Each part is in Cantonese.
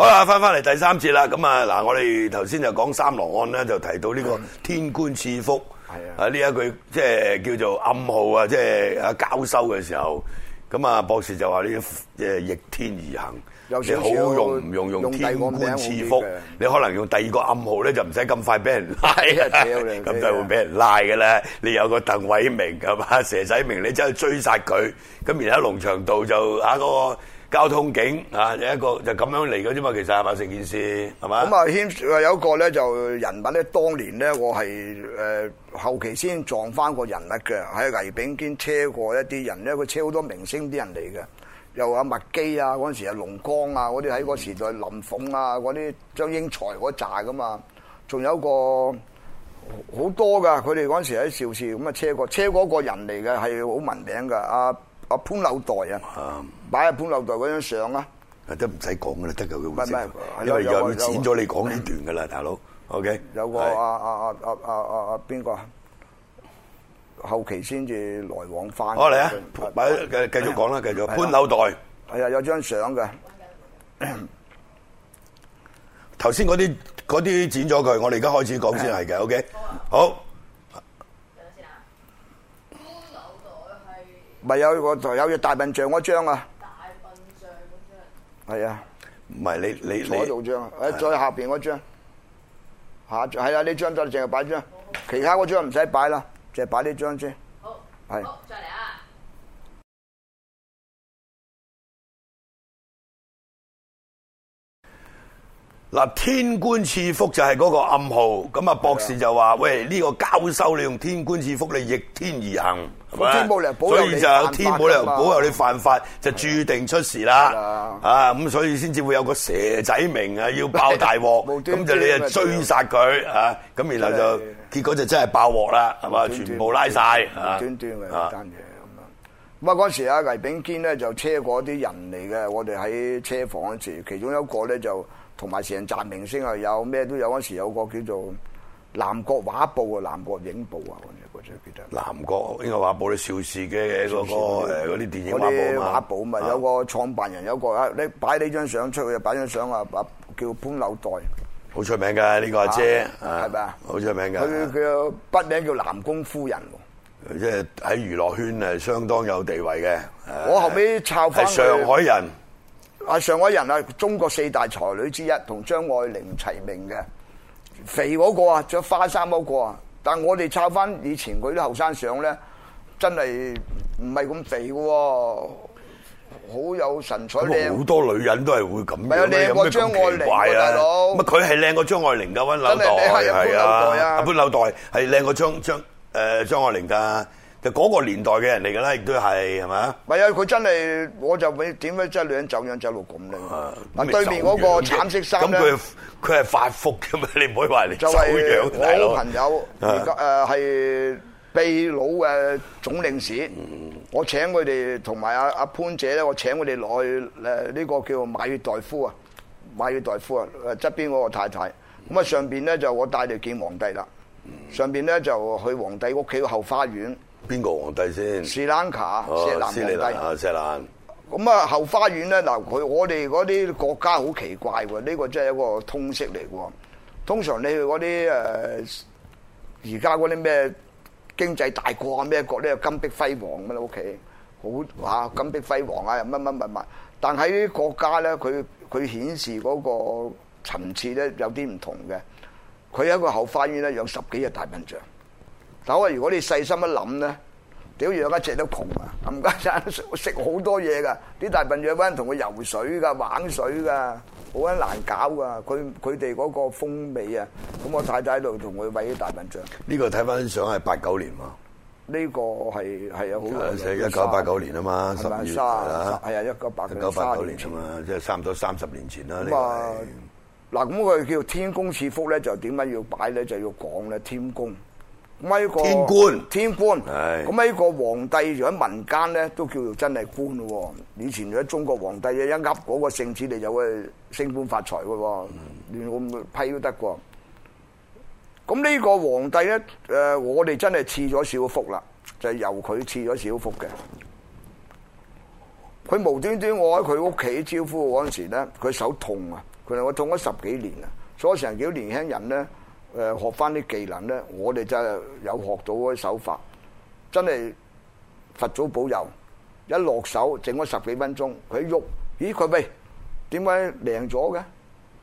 好啦，翻翻嚟第三節啦。咁啊，嗱，我哋頭先就講三郎案咧，就提到呢個天官賜福。係啊，啊呢一句即係叫做暗號啊，即係交收嘅時候。咁啊，博士就話呢，即係逆天而行，即係好用唔用用天官賜福？你可能用第二個暗號咧，就唔使咁快俾人拉，咁就會俾人拉嘅啦。你有個鄧偉明咁啊，蛇仔明你走去追殺佢，咁然喺龍翔道就啊嗰個。交通警啊，有一個就咁樣嚟嘅啫嘛，其實係嘛成件事，係嘛咁啊，有一個咧就人物咧，當年咧我係誒、呃、後期先撞翻個人物嘅。喺黎炳堅車過一啲人咧，佢車好多明星啲人嚟嘅，又話麥基啊，嗰陣時啊龍江啊，嗰啲喺個時代林鳳啊，嗰啲張英才嗰扎噶嘛，仲有個好多噶，佢哋嗰陣時喺邵氏咁啊車過車過個人嚟嘅，係好聞名噶啊柳袋柳袋那照片啊，潘樓袋啊，擺下潘樓袋嗰張相啊，都唔使講啦，得噶佢。唔係唔係，因為又要剪咗你講呢段噶啦，大、嗯、佬。OK，有個啊，啊，啊，啊，啊，阿邊個？後期先至來往翻。好，嚟啊，擺繼續講啦，繼續。潘樓袋，係啊，有張相噶。頭先嗰啲嗰啲剪咗佢，我哋而家開始講先係嘅。OK，好、啊。好。咪有一個就有隻大笨象嗰張啊！大笨象嗰張。係啊，唔係你你。彩圖張、啊，誒，再下邊嗰張，下一張係啦，呢張就淨係擺張，其他嗰張唔使擺啦，淨係擺呢張啫。好，係。嗱，天官賜福就係嗰個暗號，咁啊博士就話：喂，呢、呢個交收你用天官賜福，你逆天而行。天保所以就有天，冇理由保佑你犯法，就注定出事啦。啊，咁所以先至會有個蛇仔明啊，要爆大鑊。咁就你啊追殺佢啊，咁然後就結果就真係爆鑊啦，係嘛，全部拉晒啊。無端端嘅一單嘢，咁樣。咁啊，嗰時阿魏炳堅咧就車過啲人嚟嘅，我哋喺車房嗰時，其中有一個咧就。同埋成集明星啊，有咩都有嗰時有個叫做南國畫報啊，南國影報啊，我最記得。南國應該畫報啲邵氏嘅，嗰個啲電影畫報啊嘛。有個創辦人，有個啊，你擺呢張相出去，擺張相啊，叫潘柳黛。好出名㗎呢個阿姐啊，係咪啊？好出名㗎。佢嘅筆名叫南宮夫人，即係喺娛樂圈係相當有地位嘅。我後尾抄翻佢。係、啊、上海人。上海人啊，中國四大才女之一，同張愛玲齊名嘅，肥嗰個啊，着花衫嗰個啊。但係我哋抄翻以前佢啲後生相咧，真係唔係咁肥喎。好有神采，好多女人都係會咁樣嘅，有咩咁奇怪張愛玲，大佬啊，乜佢係靚過張愛玲噶，溫柳代係啊，溫柳代係靚過張張誒張愛玲噶。就嗰個年代嘅人嚟㗎啦，亦都係係咪？唔係啊！佢真係我就會點解真係女人走樣走路咁咧？啊！對面嗰個橙色衫咁佢係佢係發福㗎嘛？你唔可以話你走樣係咯。就係、是、我朋友，係、啊啊、秘魯嘅總領事。我請佢哋同埋阿阿潘姐咧，我請佢哋落去呢、啊呢個叫馬爾代夫啊，馬爾代夫啊，側邊個太太。咁啊上面咧就我帶你見皇帝啦、嗯。上面咧就去皇帝屋企個後花園。邊個皇帝先？斯蘭卡、哦，斯里蘭。咁啊，後花園咧，嗱，佢我哋嗰啲國家好奇怪喎，呢、這個真係一個通識嚟嘅。通常你去嗰啲誒，而家嗰啲咩經濟大國啊，咩國咧金碧輝煌咁樣屋企，好啊，金碧輝煌啊，又乜乜物物。但喺啲國家咧，佢佢顯示嗰個層次咧有啲唔同嘅。佢一個後花園咧有十幾隻大笨象。如果你細心一諗咧，屌養一隻都窮啊！咁家陣食好多嘢噶，啲大笨象班人同佢游水噶、玩水噶，好鬼難搞噶。佢佢哋嗰個風味啊，咁我太太喺度同佢餵啲大笨象。呢、這個睇翻相係八九年喎。呢、這個係係有好。一九八九年啊嘛，十係啊，一九八九。一九八九年啫嘛，即係差唔多三十年前啦。呢、就、嗱、是，咁佢叫天官賜福咧，就點解要擺咧？就要講咧，天官。咪一、這個天官，天官，咁咪一個皇帝，如果民間咧都叫做真係官咯。以前如果中國皇帝一噏嗰個聖旨你就會升官發財噶喎，嗯、亂咁批都得噶。咁呢個皇帝咧，誒，我哋真係賜咗小福啦，就是、由佢賜咗小福嘅。佢無端端我喺佢屋企招呼嗰陣時咧，佢手痛啊！佢話我痛咗十幾年啦，所以成日叫年輕人咧。誒，學翻啲技能咧，我哋真係有學到嗰啲手法，真係佛祖保佑，一落手整咗十幾分鐘，佢喐，咦佢未？點解贏咗嘅？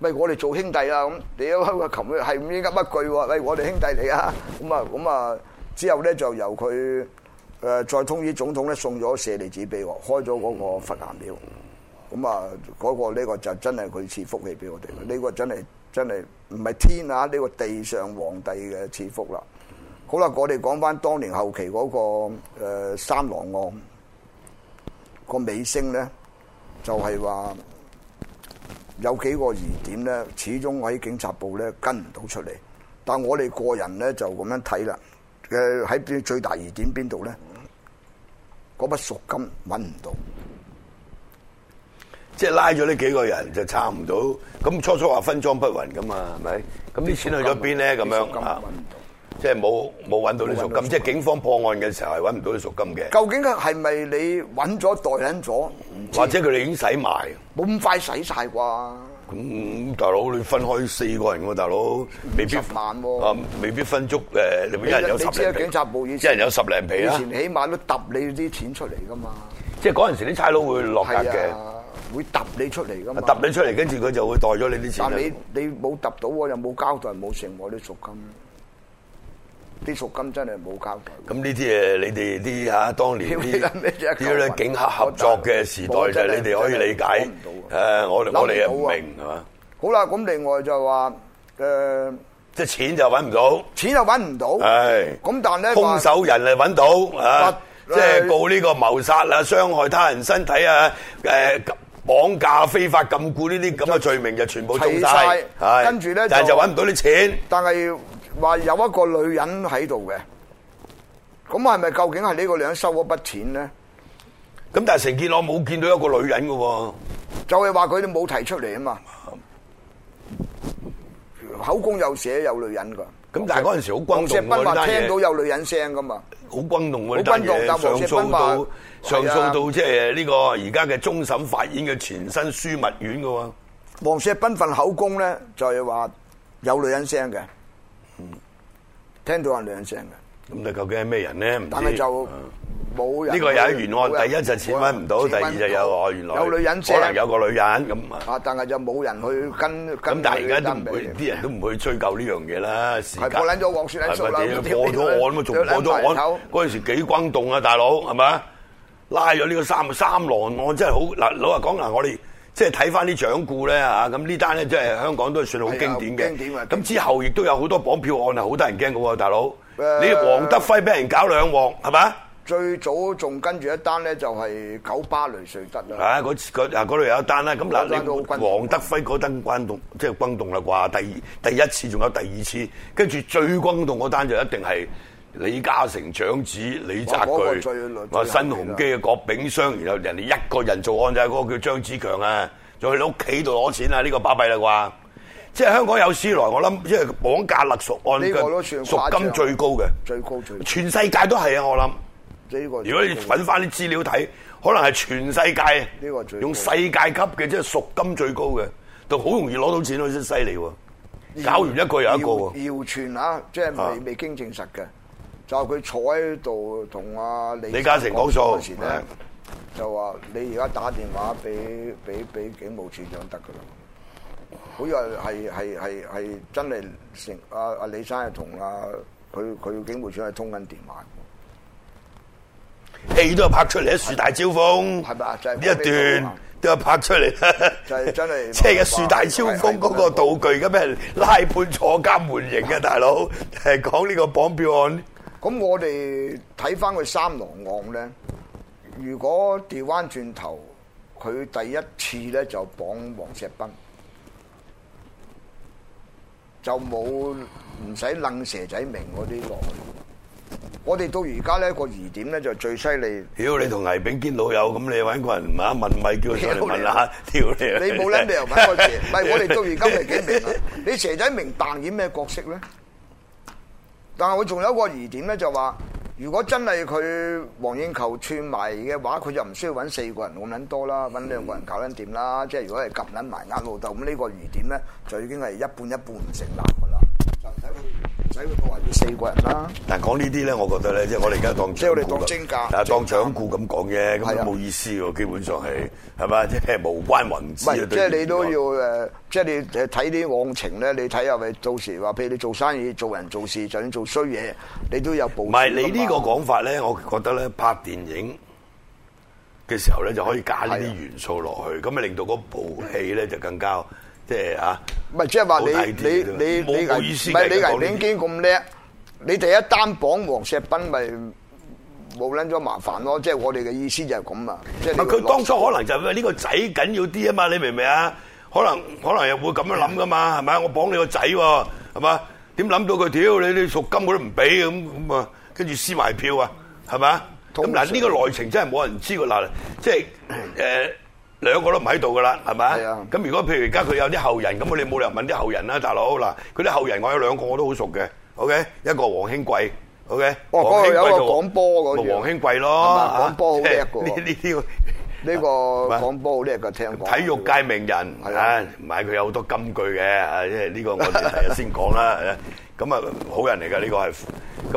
喂，我哋做兄弟啊，咁你開個琴日係唔應該乜句喎？喂，我哋兄弟嚟啊，咁啊，咁啊，之後咧就由佢誒再通與總統咧送咗舍利子俾我，開咗嗰個佛壇廟，咁啊，嗰個呢個就真係佢賜福氣俾我哋，呢個真係。真係唔係天啊！呢、這個地上皇帝嘅賜福啦。好啦，我哋講翻當年後期嗰、那個誒、呃、三狼案個尾聲咧，就係、是、話有幾個疑點咧，始終喺警察部咧跟唔到出嚟。但我哋個人咧就咁樣睇啦。誒，喺邊最大疑點邊度咧？嗰筆贖金搵唔到。即係拉咗呢幾個人就差唔到，咁初初話分贓不均噶嘛，係咪？咁啲錢去咗邊咧？咁樣啊，即係冇冇揾到啲贖金，金，即係警方破案嘅時候係揾唔到啲贖金嘅。究竟係咪你揾咗袋咗？或者佢哋已經使埋？冇咁快使晒啩？咁大佬你分開四個人喎，大佬未必十萬、啊、未必分足誒，你邊有人有十？你知啊，警察部以前，以前人有十零皮啦。以前起碼都揼你啲錢出嚟㗎嘛、嗯。即係嗰陣時啲差佬會落格嘅。啊。會揼你出嚟噶嘛？揼你出嚟，跟住佢就會袋咗你啲錢。但你你冇揼到，又冇交代，冇成我啲贖金，啲贖金真係冇交代。咁呢啲誒，你哋啲吓當年啲啲咧警吓合作嘅時代就你哋可以理解。揾唔到啊！我我哋又唔明係嘛？好啦，咁另外就話誒，即係錢就揾唔到，錢又揾唔到。係咁，但係咧，兇手人誒揾到吓，即係告呢個謀殺啊、傷害他人身體啊、誒。綁架、非法禁錮呢啲咁嘅罪名就全部中晒，跟住咧就就揾唔到啲錢。但係話有一個女人喺度嘅，咁係咪究竟係呢個女人收咗筆錢咧？咁但係成建朗冇見到一個女人喎。就係話佢都冇提出嚟啊嘛，嗯，口供有寫有女人噶。咁但係嗰陣時好轟動，黃石斌話聽到有女人聲噶嘛，好轟動嘅，上訴到、啊、上訴到即係呢個而家嘅終審法院嘅前身樞密院嘅喎。黃石斌份口供咧就係、是、話有女人聲嘅，嗯，聽到有女人聲嘅。咁你究竟係咩人咧？但係就。呢、呢個又係原案，第一就是錢揾唔到，第二就有、是、話原來有女人可能有個女人咁啊。但係就冇人去跟，咁但係而家都唔啲人都唔會去追究呢樣嘢啦。時間係咪過撚咗咗案咪仲破咗案？嗰時時幾轟動啊，大佬係咪？拉咗呢個三三狼案真係好嗱，老實講我哋即係睇翻啲掌故咧咁，呢單咧，真係香港都算好經典嘅。經典，咁之後亦都有好多綁票案啊，好多人驚㗎喎，大佬你黃德輝俾人搞兩鑊係咪？最早仲跟住一單咧，就係九巴雷瑞德啊，嗰次度有一單啦。咁嗱，你王德輝嗰單、就是、轟動，即係轟動啦啩？第第一次仲有第二次，跟住最轟動嗰單就一定係李嘉誠長子李澤鉅，那個、新鴻基嘅郭炳湘，然後人哋一個人做案就係、是、嗰個叫張子強啊，就去你屋企度攞錢啊！呢、這個巴閉啦啩？即係香港有史以來，我諗即係綁架勒索案，呢個贖金最高嘅，這個、最高最高全世界都係啊！我諗。這個、如果你揾翻啲資料睇，這個、可能係全世界用世界級嘅，這個、即係贖金最高嘅，就好容易攞到錢咯，真犀利喎！搞完一個又一個喎。謠傳嚇，即係未未經證實嘅、啊。就佢坐喺度同阿李李嘉誠講數嗰陣時咧，就話你而家打電話俾俾俾警務處長得噶啦。好似係係係係真係成阿阿李生係同阿佢佢警務處係通緊電話。戲都係拍出嚟，樹大招風係就呢一段是、就是、都係拍出嚟，就係即係樹大招風嗰個道具咁樣拉盤坐監緩刑嘅大佬，係講呢個綁票案。咁我哋睇翻佢三郎案咧，如果調翻轉頭，佢第一次咧就綁黃石崩，就冇唔使楞蛇仔明嗰啲耐。我哋到而家呢個疑點咧就最犀利。妖你同倪炳堅老友咁，你揾個人唔肯問咪叫上嚟問啦屌你！你冇理住又揾個唔咪 我哋到而家日幾明啊？ 你蛇仔明扮演咩角色咧？但係我仲有一個疑點咧，就話如果真係佢黃應求串埋嘅話，佢就唔需要揾四個人咁捻多啦，揾兩個人搞捻掂啦。嗯、即係如果係夾捻埋呃老豆咁，呢個疑點咧就已經係一半一半唔成立。.使佢話要四個人啦。但係，講呢啲咧，我覺得咧，即係我哋而家當即係我哋當真假，當掌故咁講啫，咁都冇意思喎。基本上係，係嘛，即係無關宏旨。唔係，即係你都要誒、呃，即係你睇啲往情咧，你睇下咪，到時話譬如你做生意、做人、做事，就算做衰嘢，你都有部。唔係，你呢個講法咧，啊、我覺得咧，拍電影嘅時候咧就可以加呢啲元素落去，咁咪令到嗰部戲咧就更加。即係啊！唔係即係話你你你你唔係你你你竟然咁叻！你第一單綁黃石斌咪冇撚咗麻煩咯！即係我哋嘅意思就係咁啊！唔係佢當初可能就係呢個仔緊要啲啊嘛！你明唔明啊？可能可能又會咁樣諗噶嘛？係咪啊？我綁你個仔喎，係嘛？點諗到佢屌你你贖金佢都唔俾咁咁啊！跟住撕埋票啊，係咪啊？咁嗱呢個內情真係冇人知㗎嗱，即係誒。嗯呃兩個都唔喺度噶啦，係咪啊？咁如果譬如而家佢有啲後人，咁我哋冇理由問啲後人啦，大佬嗱，佢啲後人我有兩個我都好熟嘅，OK，一個黃興貴，OK，哦，嗰個有講波嗰樣，個黃興貴咯，講波好叻嘅，呢啲呢個講波好叻嘅聽講，體育界名人，唉，唔係佢有好多金句嘅，啊，即係呢個我哋係先講啦，咁啊好人嚟㗎呢個係，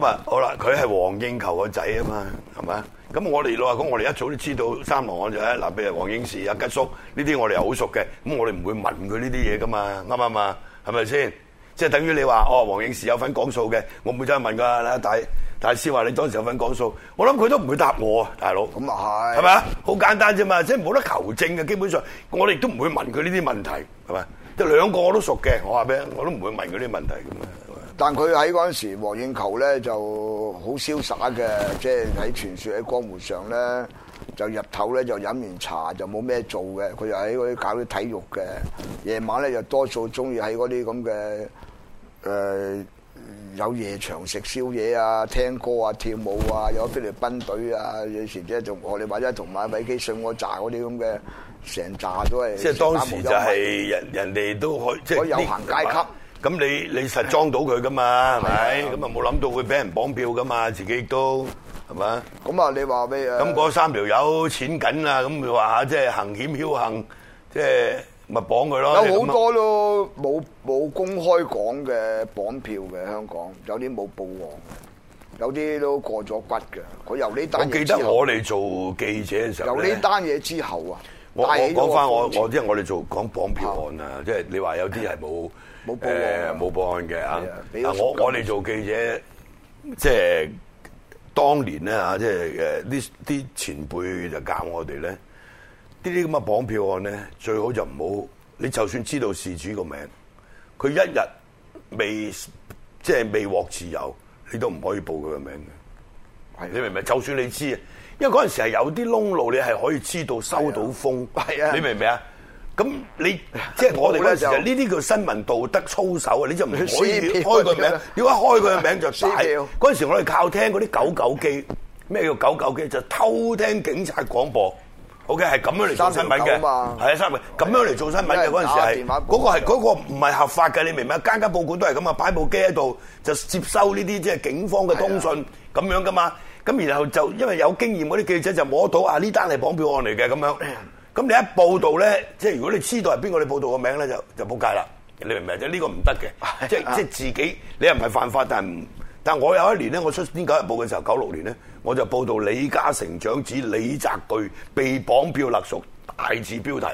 咁啊好啦，佢係黃應球個仔啊嘛，係咪啊？咁我哋老阿公，我哋一早都知道三狼案就嗱，比如王英士啊、吉叔呢啲，我哋又好熟嘅，咁我哋唔會問佢呢啲嘢噶嘛，啱啱嘛，係咪先？即係等於你話哦，王英士有份講數嘅，我唔會再問噶。大大師話你當時有份講數，我諗佢都唔會答我，大佬咁啊係，係咪啊？好簡單啫嘛，即係冇得求證嘅，基本上我哋都唔會問佢呢啲問題，係咪？即係兩個我都熟嘅，我話咩？我都唔會問佢啲問題咁但佢喺嗰陣時，黃應球咧就好瀟灑嘅，即係喺傳說喺江湖上咧，就日頭咧就飲完茶就冇咩做嘅，佢又喺嗰啲搞啲體育嘅，夜晚咧就多數中意喺嗰啲咁嘅誒有夜場食宵夜啊、聽歌啊、跳舞啊，有菲律賓隊啊，有時即係仲我哋或者同埋韋基舜我炸嗰啲咁嘅，成炸咗啊！即係當時就係人人哋都可以即係可以有閒階級。咁你你實裝到佢噶嘛，係咪？咁啊冇諗到會俾人綁票噶嘛，自己亦都係咪？咁啊，你話咩？咁嗰三條友錢緊啊！咁你話下即係行險僥倖，即係咪綁佢咯？有好多都，冇冇公開講嘅綁票嘅香港，有啲冇報案嘅，有啲都過咗骨嘅。佢由呢單我記得我哋做記者嘅時候，由呢單嘢之後啊，我我講翻我我即係我哋做講綁票案啊，即係你話有啲係冇。冇報案嘅，冇報案嘅啊！我我哋做記者，即係當年咧啊，即係誒，啲啲前輩就教我哋咧，呢啲咁嘅綁票案咧，最好就唔好，你就算知道事主個名，佢一日未即係未獲自由，你都唔可以報佢個名嘅。係你明唔明？就算你知，因為嗰陣時係有啲窿路，你係可以知道收到風。係啊，你明唔明啊？咁你即係我哋咧，其實呢啲叫新聞道德操守啊！你就唔可以開個名，開名，如果開個名就睇。嗰陣時我哋靠聽嗰啲九九機，咩叫九九機？就偷聽警察廣播。O K，係咁樣嚟做新聞嘅，係啊，咁樣嚟做新聞嘅嗰陣時係嗰、嗰個係嗰個唔係合法嘅，你明唔明？間間報館都係咁啊，擺部機喺度就接收呢啲即係警方嘅通訊咁樣噶嘛。咁然後就因為有經驗嗰啲記者就摸到啊，呢單係綁票案嚟嘅咁樣。咁你一報道咧，即係如果你知道係邊個，你報道個名咧就就仆街啦。你明唔明啫？呢個唔得嘅，即係即係自己你又唔係犯法，但係唔，但係我有一年咧，我出《癲狗日報》嘅時候，九六年咧，我就報道李嘉誠長子李澤鉅被綁票勒索，大字標題。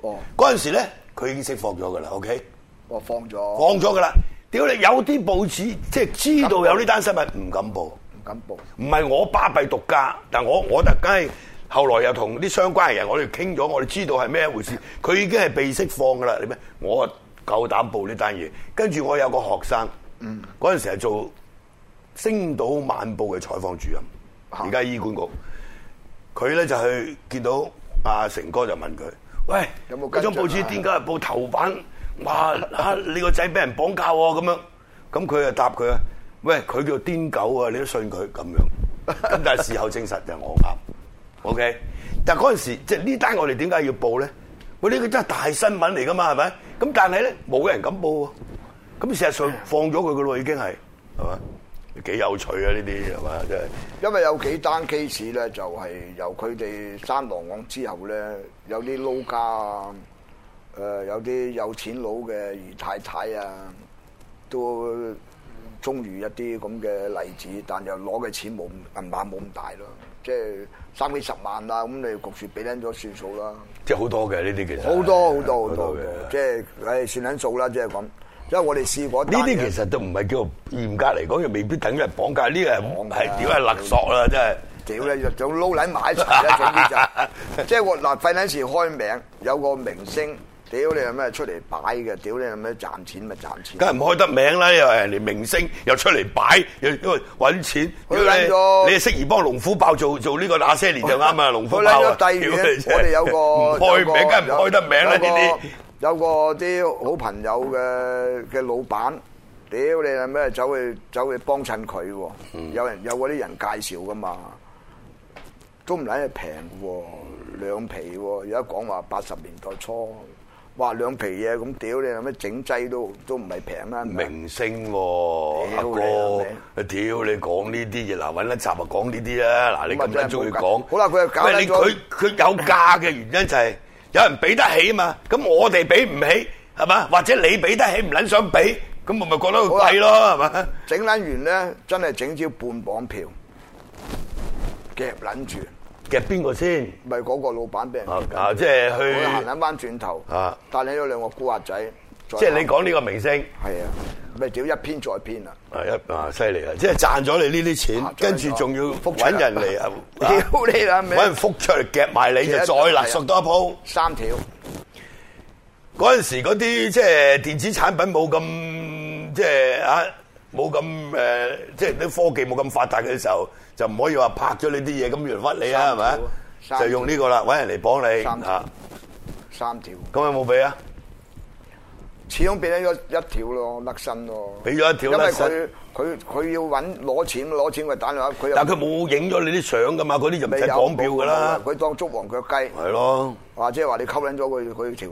哦，嗰陣時咧，佢已經釋放咗噶啦。OK，我放咗，放咗噶啦。屌你，有啲報紙即係知道有呢單新聞，唔敢報，唔敢報。唔係我巴閉獨家，但係我我就梗係。後來又同啲相關嘅人我哋傾咗，我哋知道係咩一回事。佢已經係被釋放噶啦，你咩？我夠膽報呢單嘢。跟住我有個學生，嗰陣時係做《星島晚報》嘅採訪主任，而家醫管局。佢咧就去見到阿成哥，就問佢：，喂，嗰張報紙點解報頭版哇你個仔俾人綁架喎？咁樣咁佢就答佢：，喂，佢叫癲狗啊！你都信佢咁樣？但係事後證實就係我啱。O、okay, K，但嗰陣時候即係呢單我哋點解要報咧？我呢個真係大新聞嚟噶嘛，係咪？咁但係咧冇人敢報啊。咁事實上放咗佢噶咯，已經係係嘛？幾有趣啊，呢啲係嘛？即係因為有幾單 case 咧，就係、是、由佢哋三狼案之後咧，有啲撈家啊，誒，有啲有錢佬嘅姨太太啊，都中意一啲咁嘅例子，但又攞嘅錢冇銀碼冇咁大咯，即係。三幾十萬啦，咁你焗住俾撚咗算數啦。即係好多嘅呢啲其實很。好多好多好多嘅，即係誒算撚數啦，即係咁。即係我哋試過呢啲其實都唔係叫嚴格嚟講，又未必等於綁架，呢、呢個係係屌係勒索啦，即係。屌你，就撈撚買齊 就，即係我嗱，費撚事開名，有個明星。屌你係咩出嚟擺嘅？屌你係咩賺錢咪賺錢？梗係唔開得名啦！又人哋明星又出嚟擺，又因為揾錢。你係適宜幫龍虎豹做做呢個那些年就啱啊！龍虎豹。低我哋有個唔開 名，梗係唔開得名啦！呢啲有個啲好朋友嘅嘅老闆，屌你係咩走去走去幫襯佢？有人有嗰啲人介紹噶嘛？都唔揀係平嘅喎，兩皮喎，而家講話八十年代初。哇，兩皮嘢咁，屌你有咩整製都都唔係平啦！明星喎，阿哥，屌你講呢啲嘢嗱，揾得閑咪講呢啲啦嗱，你咁閪中意講，好啦佢又搞咗。餵你，佢佢有價嘅原因就係有人俾得起嘛，咁我哋俾唔起係嘛？或者你俾得起唔撚想俾，咁我咪覺得佢貴咯係嘛？整撚完咧，真係整招半磅票夾撚住。夾邊個先？咪嗰個老闆俾人啊！即、啊、係、就是、去諗返轉頭啊！但係有兩個古惑仔，即係你講呢個明星係啊？咪、就、屌、是、一篇再篇啊係一啊，犀利啊！即係賺咗你呢啲錢，跟住仲要覆出人嚟啊！屌、啊、你啦咩搵人覆出嚟夾埋你、就是、就再勒索多一鋪三條。嗰陣時嗰啲即係電子產品冇咁即係啊！冇咁即係啲科技冇咁發達嘅時候，就唔可以話拍咗你啲嘢咁樣屈你啦，係咪就用呢個啦，搵人嚟綁你三條。咁有冇俾啊？始終俾咗一一條咯，甩身咯。俾咗一條身，因為佢佢佢要搵攞錢攞錢去打佢，但佢冇影咗你啲相㗎嘛？嗰啲就唔使綁票㗎啦。佢當捉黃腳雞。係咯。或者話你勾引咗佢佢情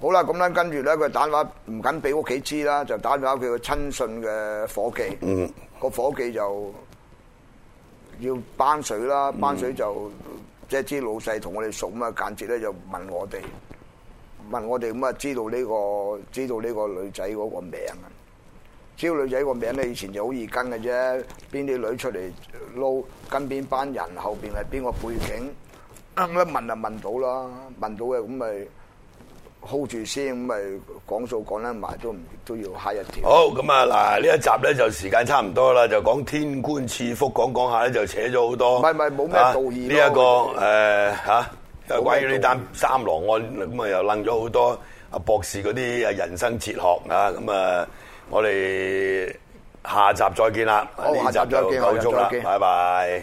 好啦，咁咧跟住咧，佢打電話唔緊俾屋企知啦，就打電話佢個親信嘅夥計，個夥計就要班水啦，班水就即係知老細同我哋熟咁啊，間接咧就問我哋，問我哋咁啊，知道呢個知道呢個女仔嗰個名啊。知女仔個名咧，以前就好易跟嘅啫，邊啲女出嚟撈跟邊班人後邊係邊個背景？咁一問就問到啦，問到嘅咁咪。hold 住先，咁咪講數講得埋都唔都要嗨一條。好，咁啊！嗱，呢一集咧就時間差唔多啦，就講天官賜福講講下咧，就扯咗好多、這個。唔係唔係，冇咩道義。呢、這、一個誒吓，關、呃、關於呢單三郎案，咁啊又楞咗好多啊博士嗰啲啊人生哲學啊，咁啊，我哋下集再見啦。下集再見，我哋再見。拜拜。